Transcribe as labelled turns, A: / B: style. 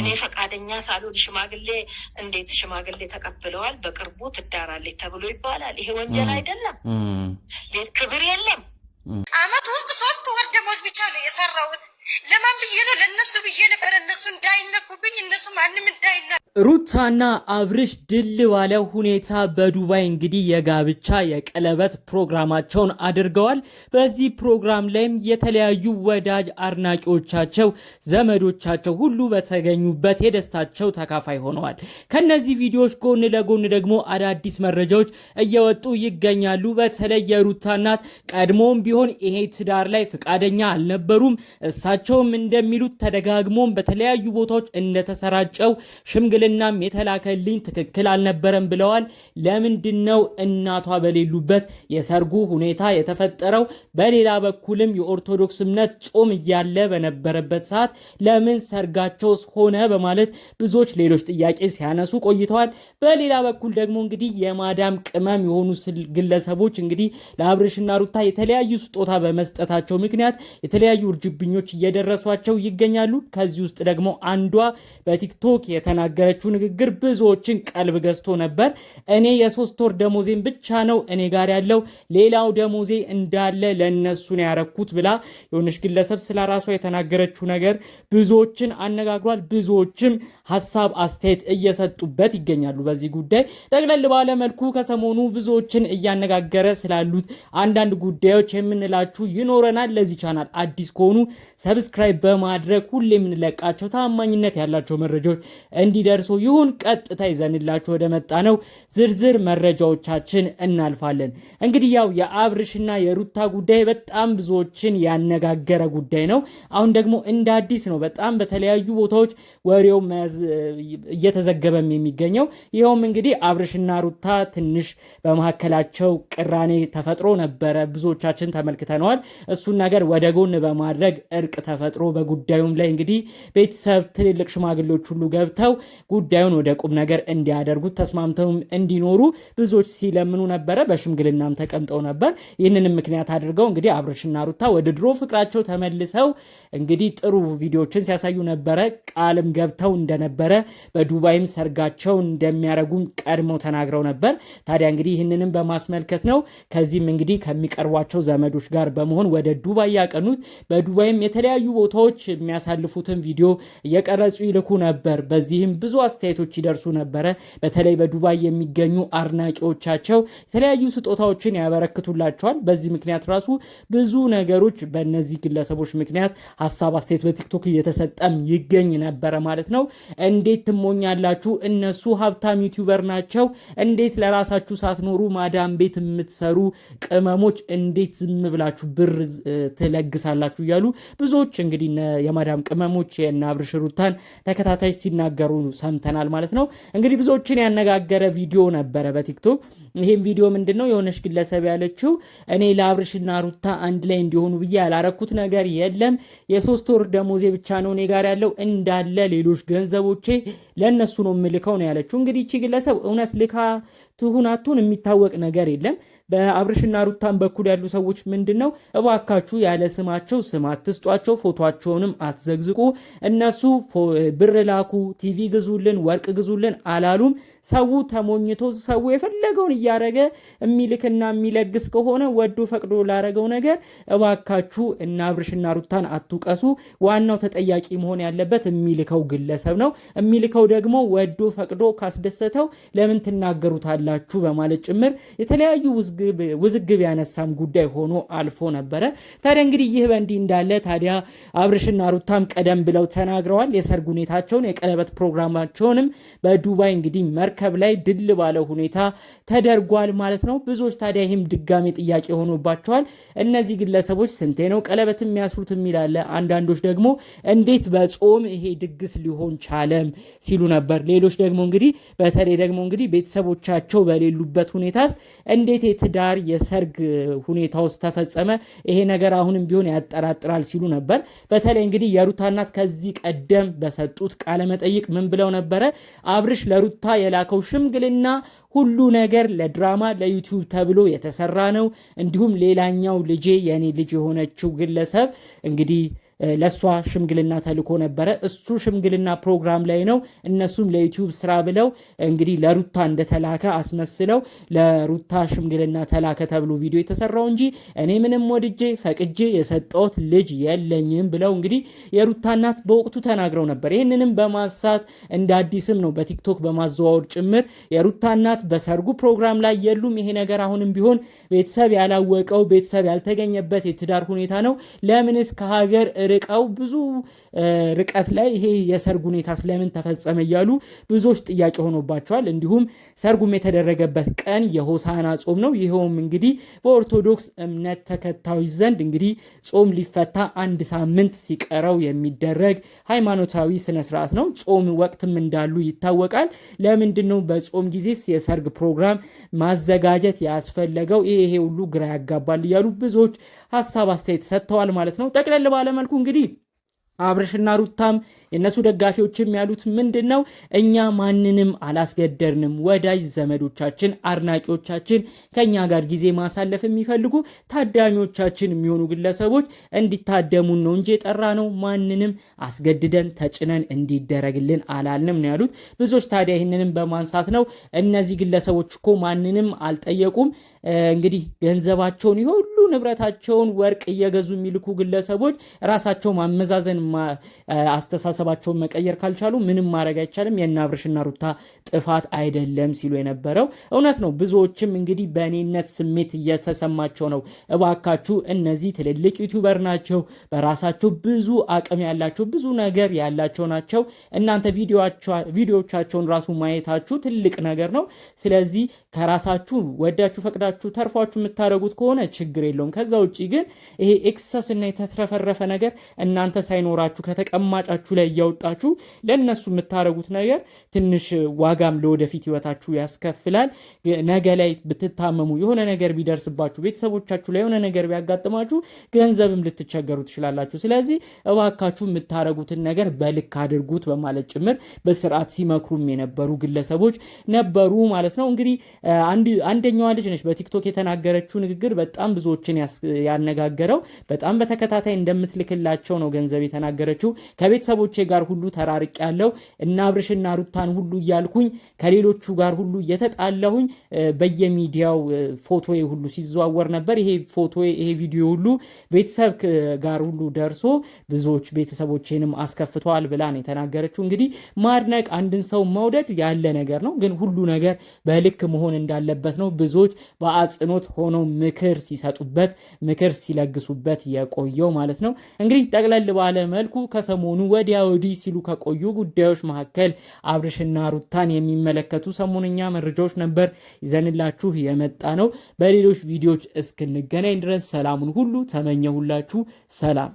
A: እኔ ፈቃደኛ ሳልሆን ሽማግሌ እንዴት ሽማግሌ ተቀብለዋል፣ በቅርቡ ትዳራለች ተብሎ ይባላል። ይሄ ወንጀል አይደለም? ቤት ክብር የለም።
B: አመት ውስጥ ሶስት ወር ደሞዝ ብቻ ነው የሰራሁት። ለማን ብዬ ነው? ለእነሱ ብዬ ነበር፣ እነሱ እንዳይነኩብኝ፣ እነሱ ማንም እንዳይነ
C: ሩታና አብርሽ ድል ባለ ሁኔታ በዱባይ እንግዲህ የጋብቻ የቀለበት ፕሮግራማቸውን አድርገዋል። በዚህ ፕሮግራም ላይም የተለያዩ ወዳጅ አድናቂዎቻቸው፣ ዘመዶቻቸው ሁሉ በተገኙበት የደስታቸው ተካፋይ ሆነዋል። ከነዚህ ቪዲዮዎች ጎን ለጎን ደግሞ አዳዲስ መረጃዎች እየወጡ ይገኛሉ። በተለይ የሩታ እናት ቀድሞም ቢሆን ይሄ ትዳር ላይ ፈቃደኛ አልነበሩም። እሳቸውም እንደሚሉት ተደጋግሞም በተለያዩ ቦታዎች እንደተሰራጨው ሽምግል ሽምግልናም የተላከልኝ ትክክል አልነበረም ብለዋል። ለምንድን ነው እናቷ በሌሉበት የሰርጉ ሁኔታ የተፈጠረው? በሌላ በኩልም የኦርቶዶክስ እምነት ጾም እያለ በነበረበት ሰዓት ለምን ሰርጋቸውስ ሆነ በማለት ብዙዎች ሌሎች ጥያቄ ሲያነሱ ቆይተዋል። በሌላ በኩል ደግሞ እንግዲህ የማዳም ቅመም የሆኑ ግለሰቦች እንግዲህ ለአብርሽና ሩታ የተለያዩ ስጦታ በመስጠታቸው ምክንያት የተለያዩ እርጅብኞች እየደረሷቸው ይገኛሉ። ከዚህ ውስጥ ደግሞ አንዷ በቲክቶክ የተናገረ ያደረገችው ንግግር ብዙዎችን ቀልብ ገዝቶ ነበር። እኔ የሶስት ወር ደሞዜን ብቻ ነው እኔ ጋር ያለው፣ ሌላው ደሞዜ እንዳለ ለእነሱ ያረኩት ብላ የሆነች ግለሰብ ስለ ራሷ የተናገረችው ነገር ብዙዎችን አነጋግሯል። ብዙዎችም ሀሳብ አስተያየት እየሰጡበት ይገኛሉ። በዚህ ጉዳይ ጠቅለል ባለ መልኩ ከሰሞኑ ብዙዎችን እያነጋገረ ስላሉት አንዳንድ ጉዳዮች የምንላችሁ ይኖረናል። ለዚህ ቻናል አዲስ ከሆኑ ሰብስክራይብ በማድረግ ሁሌ የምንለቃቸው ታማኝነት ያላቸው መረጃዎች እንዲደርሱ ደርሶ ይሁን ቀጥታ ይዘንላችሁ ወደ መጣ ነው ዝርዝር መረጃዎቻችን እናልፋለን። እንግዲህ ያው የአብርሽና የሩታ ጉዳይ በጣም ብዙዎችን ያነጋገረ ጉዳይ ነው። አሁን ደግሞ እንደ አዲስ ነው በጣም በተለያዩ ቦታዎች ወሬው እየተዘገበም የሚገኘው ይኸውም እንግዲህ አብርሽና ሩታ ትንሽ በመካከላቸው ቅራኔ ተፈጥሮ ነበረ። ብዙዎቻችን ተመልክተነዋል። እሱን ነገር ወደ ጎን በማድረግ እርቅ ተፈጥሮ በጉዳዩም ላይ እንግዲህ ቤተሰብ፣ ትልልቅ ሽማግሌዎች ሁሉ ገብተው ጉዳዩን ወደ ቁም ነገር እንዲያደርጉት ተስማምተውም እንዲኖሩ ብዙዎች ሲለምኑ ነበረ። በሽምግልናም ተቀምጠው ነበር። ይህንንም ምክንያት አድርገው እንግዲህ አብርሽና ሩታ ወደ ድሮ ፍቅራቸው ተመልሰው እንግዲህ ጥሩ ቪዲዮዎችን ሲያሳዩ ነበረ። ቃልም ገብተው እንደነበረ በዱባይም ሰርጋቸው እንደሚያደርጉም ቀድመው ተናግረው ነበር። ታዲያ እንግዲህ ይህንንም በማስመልከት ነው ከዚህም እንግዲህ ከሚቀርቧቸው ዘመዶች ጋር በመሆን ወደ ዱባይ ያቀኑት። በዱባይም የተለያዩ ቦታዎች የሚያሳልፉትን ቪዲዮ እየቀረጹ ይልኩ ነበር። በዚህም ብዙ አስተያየቶች ይደርሱ ነበረ። በተለይ በዱባይ የሚገኙ አድናቂዎቻቸው የተለያዩ ስጦታዎችን ያበረክቱላቸዋል። በዚህ ምክንያት ራሱ ብዙ ነገሮች በእነዚህ ግለሰቦች ምክንያት ሀሳብ አስተያየት በቲክቶክ እየተሰጠም ይገኝ ነበረ ማለት ነው። እንዴት ትሞኛላችሁ? እነሱ ሀብታም ዩቲዩበር ናቸው። እንዴት ለራሳችሁ ሳትኖሩ ማዳም ቤት የምትሰሩ ቅመሞች እንዴት ዝም ብላችሁ ብር ትለግሳላችሁ? እያሉ ብዙዎች እንግዲህ የማዳም ቅመሞች የእነ አብርሽ ሩታን ተከታታይ ሲናገሩ ሰምተናል ማለት ነው። እንግዲህ ብዙዎችን ያነጋገረ ቪዲዮ ነበረ በቲክቶክ። ይህም ቪዲዮ ምንድን ነው የሆነች ግለሰብ ያለችው እኔ ለአብርሽና ሩታ አንድ ላይ እንዲሆኑ ብዬ ያላረኩት ነገር የለም። የሶስት ወር ደሞዜ ብቻ ነው እኔ ጋር ያለው እንዳለ ሌሎች ገንዘቦቼ ለእነሱ ነው የምልከው ነው ያለችው። እንግዲህ ይቺ ግለሰብ እውነት ልካ ትሁን አትሁን የሚታወቅ ነገር የለም። በአብርሽና ሩታን በኩል ያሉ ሰዎች ምንድን ነው እባካችሁ ያለ ስማቸው ስም አትስጧቸው፣ ፎቶቸውንም አትዘግዝቁ። እነሱ ብር ላኩ፣ ቲቪ ግዙልን፣ ወርቅ ግዙልን አላሉም። ሰው ተሞኝቶ ሰው የፈለገውን እያደረገ የሚልክና የሚለግስ ከሆነ ወዶ ፈቅዶ ላረገው ነገር እባካችሁ እና አብርሽና ሩታን አትውቀሱ። ዋናው ተጠያቂ መሆን ያለበት የሚልከው ግለሰብ ነው። የሚልከው ደግሞ ወዶ ፈቅዶ ካስደሰተው ለምን ትናገሩታላችሁ በማለት ጭምር የተለያዩ ውዝግብ ያነሳም ጉዳይ ሆኖ አልፎ ነበረ። ታዲያ እንግዲህ ይህ በእንዲህ እንዳለ ታዲያ አብርሽና ሩታም ቀደም ብለው ተናግረዋል። የሰርግ ሁኔታቸውን የቀለበት ፕሮግራማቸውንም በዱባይ እንግዲህ መርክ መርከብ ላይ ድል ባለ ሁኔታ ተደርጓል ማለት ነው። ብዙዎች ታዲያ ይህም ድጋሜ ጥያቄ ሆኖባቸዋል። እነዚህ ግለሰቦች ስንቴ ነው ቀለበት የሚያስሩት የሚላለ፣ አንዳንዶች ደግሞ እንዴት በጾም ይሄ ድግስ ሊሆን ቻለም ሲሉ ነበር። ሌሎች ደግሞ እንግዲህ በተለይ ደግሞ እንግዲህ ቤተሰቦቻቸው በሌሉበት ሁኔታስ እንዴት የትዳር የሰርግ ሁኔታ ውስጥ ተፈጸመ? ይሄ ነገር አሁንም ቢሆን ያጠራጥራል ሲሉ ነበር። በተለይ እንግዲህ የሩታ እናት ከዚህ ቀደም በሰጡት ቃለመጠይቅ ምን ብለው ነበረ? አብርሽ ለሩታ የላ የተላከው ሽምግልና ሁሉ ነገር ለድራማ ለዩቲዩብ ተብሎ የተሰራ ነው። እንዲሁም ሌላኛው ልጄ የኔ ልጅ የሆነችው ግለሰብ እንግዲህ ለእሷ ሽምግልና ተልኮ ነበረ። እሱ ሽምግልና ፕሮግራም ላይ ነው እነሱም ለዩቲዩብ ስራ ብለው እንግዲህ ለሩታ እንደተላከ አስመስለው ለሩታ ሽምግልና ተላከ ተብሎ ቪዲዮ የተሰራው እንጂ እኔ ምንም ወድጄ ፈቅጄ የሰጠሁት ልጅ የለኝም ብለው እንግዲህ የሩታ እናት በወቅቱ ተናግረው ነበር። ይህንንም በማንሳት እንደ አዲስም ነው በቲክቶክ በማዘዋወር ጭምር የሩታ እናት በሰርጉ ፕሮግራም ላይ የሉም። ይሄ ነገር አሁንም ቢሆን ቤተሰብ ያላወቀው ቤተሰብ ያልተገኘበት የትዳር ሁኔታ ነው። ለምንስ ከሀገር ርቀው ብዙ ርቀት ላይ ይሄ የሰርግ ሁኔታ ስለምን ተፈጸመ እያሉ ብዙዎች ጥያቄ ሆኖባቸዋል። እንዲሁም ሰርጉም የተደረገበት ቀን የሆሳና ጾም ነው። ይኸውም እንግዲህ በኦርቶዶክስ እምነት ተከታዮች ዘንድ እንግዲህ ጾም ሊፈታ አንድ ሳምንት ሲቀረው የሚደረግ ሃይማኖታዊ ስነስርዓት ነው። ጾም ወቅትም እንዳሉ ይታወቃል። ለምንድን ነው በጾም ጊዜ የሰርግ ፕሮግራም ማዘጋጀት ያስፈለገው? ይሄ ሁሉ ግራ ያጋባል እያሉ ብዙዎች ሀሳብ አስተያየት ሰጥተዋል ማለት ነው። ጠቅለል ባለመልኩ እንግዲህ አብርሽና ሩታም የእነሱ ደጋፊዎችም ያሉት ምንድን ነው? እኛ ማንንም አላስገደርንም። ወዳጅ ዘመዶቻችን፣ አድናቂዎቻችን ከእኛ ጋር ጊዜ ማሳለፍ የሚፈልጉ ታዳሚዎቻችን የሚሆኑ ግለሰቦች እንዲታደሙን ነው እንጂ የጠራ ነው። ማንንም አስገድደን ተጭነን እንዲደረግልን አላልንም ነው ያሉት። ብዙዎች ታዲያ ይህንንም በማንሳት ነው እነዚህ ግለሰቦች እኮ ማንንም አልጠየቁም፣ እንግዲህ ገንዘባቸውን ይሆን ንብረታቸውን ወርቅ እየገዙ የሚልኩ ግለሰቦች ራሳቸው ማመዛዘን አስተሳሰባቸውን መቀየር ካልቻሉ ምንም ማድረግ አይቻልም። የናብርሽና ሩታ ጥፋት አይደለም ሲሉ የነበረው እውነት ነው። ብዙዎችም እንግዲህ በእኔነት ስሜት እየተሰማቸው ነው። እባካችሁ እነዚህ ትልልቅ ዩቲዩበር ናቸው። በራሳቸው ብዙ አቅም ያላቸው ብዙ ነገር ያላቸው ናቸው። እናንተ ቪዲዮዎቻቸውን ራሱ ማየታችሁ ትልቅ ነገር ነው። ስለዚህ ከራሳችሁ ወዳችሁ ፈቅዳችሁ ተርፏችሁ የምታደርጉት ከሆነ ችግር የለውም። ከዛ ውጭ ግን ይሄ ኤክሰስ እና የተትረፈረፈ ነገር እናንተ ሳይኖራችሁ ከተቀማጫችሁ ላይ እያወጣችሁ ለእነሱ የምታደርጉት ነገር ትንሽ ዋጋም ለወደፊት ህይወታችሁ ያስከፍላል። ነገ ላይ ብትታመሙ፣ የሆነ ነገር ቢደርስባችሁ፣ ቤተሰቦቻችሁ ላይ የሆነ ነገር ቢያጋጥማችሁ ገንዘብም ልትቸገሩ ትችላላችሁ። ስለዚህ እባካችሁ የምታደርጉትን ነገር በልክ አድርጉት በማለት ጭምር በስርዓት ሲመክሩም የነበሩ ግለሰቦች ነበሩ ማለት ነው እንግዲህ አንደኛዋ ልጅ ነች በቲክቶክ የተናገረችው ንግግር በጣም ብዙዎችን ያነጋገረው በጣም በተከታታይ እንደምትልክላቸው ነው ገንዘብ የተናገረችው። ከቤተሰቦቼ ጋር ሁሉ ተራርቅ ያለው እና አብርሽና ሩታን ሁሉ እያልኩኝ ከሌሎቹ ጋር ሁሉ እየተጣላሁኝ በየሚዲያው ፎቶ ሁሉ ሲዘዋወር ነበር። ይሄ ፎቶ ይሄ ቪዲዮ ሁሉ ቤተሰብ ጋር ሁሉ ደርሶ ብዙዎች ቤተሰቦቼንም አስከፍተዋል ብላ ነው የተናገረችው። እንግዲህ ማድነቅ አንድን ሰው መውደድ ያለ ነገር ነው፣ ግን ሁሉ ነገር በልክ መሆን መሆን እንዳለበት ነው ብዙዎች በአጽንኦት ሆኖ ምክር ሲሰጡበት ምክር ሲለግሱበት የቆየው ማለት ነው። እንግዲህ ጠቅለል ባለ መልኩ ከሰሞኑ ወዲያ ወዲህ ሲሉ ከቆዩ ጉዳዮች መካከል አብርሽና ሩታን የሚመለከቱ ሰሞነኛ መረጃዎች ነበር ይዘንላችሁ የመጣ ነው። በሌሎች ቪዲዮዎች እስክንገናኝ ድረስ ሰላሙን ሁሉ ተመኘሁላችሁ። ሰላም